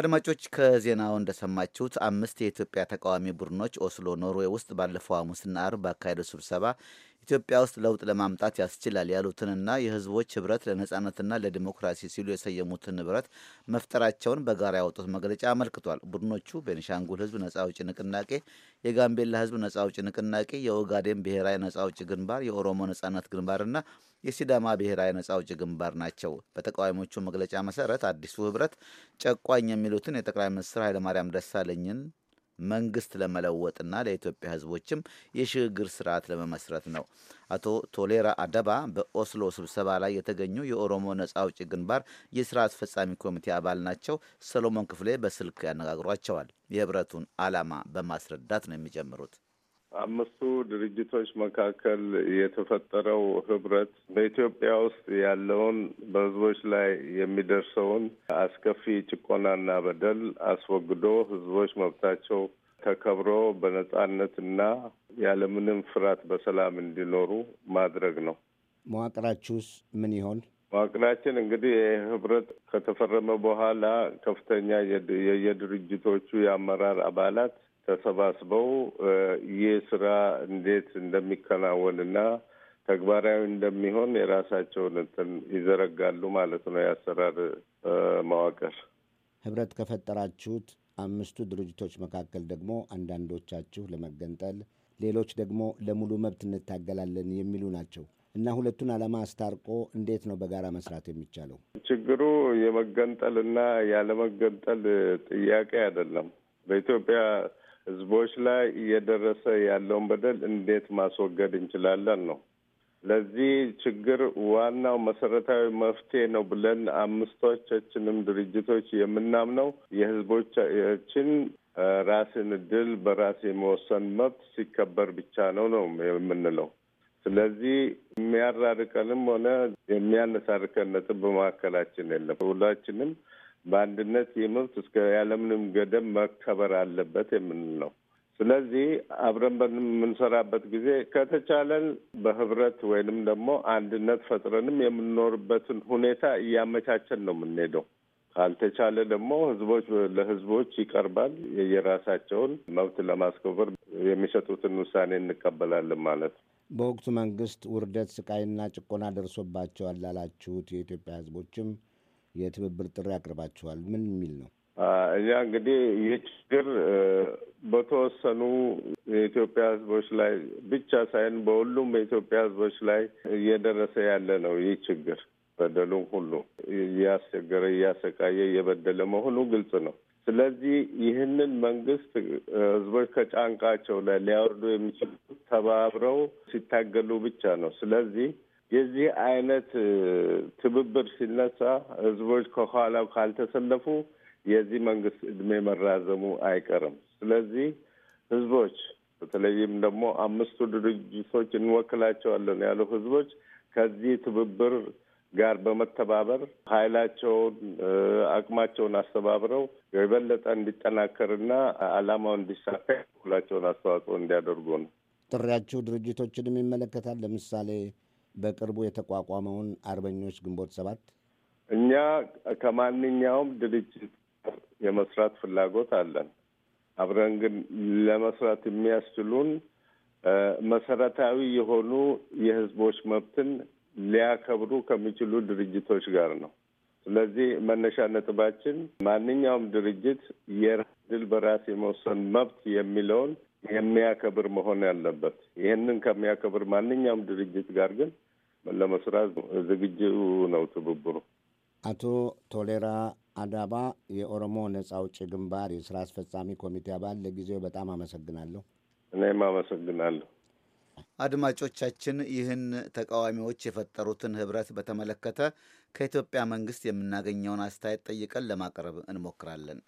አድማጮች ከዜናው እንደሰማችሁት አምስት የኢትዮጵያ ተቃዋሚ ቡድኖች ኦስሎ ኖርዌይ ውስጥ ባለፈው ሐሙስና አርብ ባካሄዱ ስብሰባ ኢትዮጵያ ውስጥ ለውጥ ለማምጣት ያስችላል ያሉትንና የሕዝቦች ህብረት ለነጻነትና ለዲሞክራሲ ሲሉ የሰየሙትን ንብረት መፍጠራቸውን በጋራ ያወጡት መግለጫ አመልክቷል። ቡድኖቹ ቤንሻንጉል ሕዝብ ነጻ አውጪ ንቅናቄ፣ የጋምቤላ ሕዝብ ነጻ አውጪ ንቅናቄ፣ የኦጋዴን ብሔራዊ ነጻ አውጪ ግንባር፣ የኦሮሞ ነጻነት ግንባርና የሲዳማ ብሔራዊ ነጻ አውጪ ግንባር ናቸው። በተቃዋሚዎቹ መግለጫ መሰረት አዲሱ ህብረት ጨቋኝ የሚሉትን የጠቅላይ ሚኒስትር ኃይለማርያም ደሳለኝን መንግስት ለመለወጥና ለኢትዮጵያ ህዝቦችም የሽግግር ስርዓት ለመመስረት ነው። አቶ ቶሌራ አደባ በኦስሎ ስብሰባ ላይ የተገኙ የኦሮሞ ነጻ አውጪ ግንባር የስራ አስፈጻሚ ኮሚቴ አባል ናቸው። ሰሎሞን ክፍሌ በስልክ ያነጋግሯቸዋል። የህብረቱን ዓላማ በማስረዳት ነው የሚጀምሩት። አምስቱ ድርጅቶች መካከል የተፈጠረው ህብረት በኢትዮጵያ ውስጥ ያለውን በህዝቦች ላይ የሚደርሰውን አስከፊ ጭቆናና በደል አስወግዶ ህዝቦች መብታቸው ተከብሮ በነጻነትና ያለምንም ፍርሃት በሰላም እንዲኖሩ ማድረግ ነው። መዋቅራችሁስ ምን ይሆን? መዋቅራችን እንግዲህ ይህ ህብረት ከተፈረመ በኋላ ከፍተኛ የየድርጅቶቹ የአመራር አባላት ተሰባስበው ይህ ስራ እንዴት እንደሚከናወንና ተግባራዊ እንደሚሆን የራሳቸውን እንትን ይዘረጋሉ ማለት ነው። የአሰራር መዋቅር ህብረት ከፈጠራችሁት አምስቱ ድርጅቶች መካከል ደግሞ አንዳንዶቻችሁ ለመገንጠል፣ ሌሎች ደግሞ ለሙሉ መብት እንታገላለን የሚሉ ናቸው እና ሁለቱን ዓላማ አስታርቆ እንዴት ነው በጋራ መስራት የሚቻለው? ችግሩ የመገንጠል እና ያለመገንጠል ጥያቄ አይደለም በኢትዮጵያ ህዝቦች ላይ እየደረሰ ያለውን በደል እንዴት ማስወገድ እንችላለን ነው። ለዚህ ችግር ዋናው መሰረታዊ መፍትሄ ነው ብለን አምስቶቻችንም ድርጅቶች የምናምነው የህዝቦቻችን ራስን እድል በራስ የመወሰን መብት ሲከበር ብቻ ነው ነው የምንለው። ስለዚህ የሚያራርቀንም ሆነ የሚያነሳርከን ነጥብ በመካከላችን የለም። ሁላችንም በአንድነት የመብት እስከ ያለምንም ገደብ መከበር አለበት የምንል ነው። ስለዚህ አብረን በምንሰራበት ጊዜ ከተቻለን በህብረት ወይንም ደግሞ አንድነት ፈጥረንም የምንኖርበትን ሁኔታ እያመቻቸን ነው የምንሄደው። ካልተቻለ ደግሞ ህዝቦች ለህዝቦች ይቀርባል። የራሳቸውን መብት ለማስከበር የሚሰጡትን ውሳኔ እንቀበላለን ማለት ነው። በወቅቱ መንግስት ውርደት፣ ስቃይና ጭቆና ደርሶባቸዋል ላላችሁት የኢትዮጵያ ህዝቦችም የትብብር ጥሪ አቅርባችኋል። ምን የሚል ነው? እኛ እንግዲህ ይህ ችግር በተወሰኑ የኢትዮጵያ ሕዝቦች ላይ ብቻ ሳይሆን በሁሉም የኢትዮጵያ ሕዝቦች ላይ እየደረሰ ያለ ነው። ይህ ችግር በደሉም ሁሉ እያስቸገረ እያሰቃየ እየበደለ መሆኑ ግልጽ ነው። ስለዚህ ይህንን መንግስት ህዝቦች ከጫንቃቸው ላይ ሊያወርዱ የሚችሉ ተባብረው ሲታገሉ ብቻ ነው። ስለዚህ የዚህ አይነት ትብብር ሲነሳ ህዝቦች ከኋላው ካልተሰለፉ የዚህ መንግስት እድሜ መራዘሙ አይቀርም። ስለዚህ ህዝቦች በተለይም ደግሞ አምስቱ ድርጅቶች እንወክላቸዋለን ያሉ ህዝቦች ከዚህ ትብብር ጋር በመተባበር ኃይላቸውን አቅማቸውን አስተባብረው የበለጠ እንዲጠናከርና አላማው እንዲሳካ ሁላቸውን አስተዋጽኦ እንዲያደርጉ ነው ጥሪያችሁ። ድርጅቶችንም ይመለከታል። ለምሳሌ በቅርቡ የተቋቋመውን አርበኞች ግንቦት ሰባት እኛ ከማንኛውም ድርጅት የመስራት ፍላጎት አለን። አብረን ግን ለመስራት የሚያስችሉን መሰረታዊ የሆኑ የህዝቦች መብትን ሊያከብሩ ከሚችሉ ድርጅቶች ጋር ነው። ስለዚህ መነሻ ነጥባችን ማንኛውም ድርጅት የድል በራስ የመወሰን መብት የሚለውን የሚያከብር መሆን ያለበት። ይህንን ከሚያከብር ማንኛውም ድርጅት ጋር ግን ለመስራት ዝግጁ ነው ትብብሩ። አቶ ቶሌራ አዳባ የኦሮሞ ነጻ አውጪ ግንባር የስራ አስፈጻሚ ኮሚቴ አባል፣ ለጊዜው በጣም አመሰግናለሁ። እኔም አመሰግናለሁ። አድማጮቻችን ይህን ተቃዋሚዎች የፈጠሩትን ህብረት በተመለከተ ከኢትዮጵያ መንግስት የምናገኘውን አስተያየት ጠይቀን ለማቅረብ እንሞክራለን።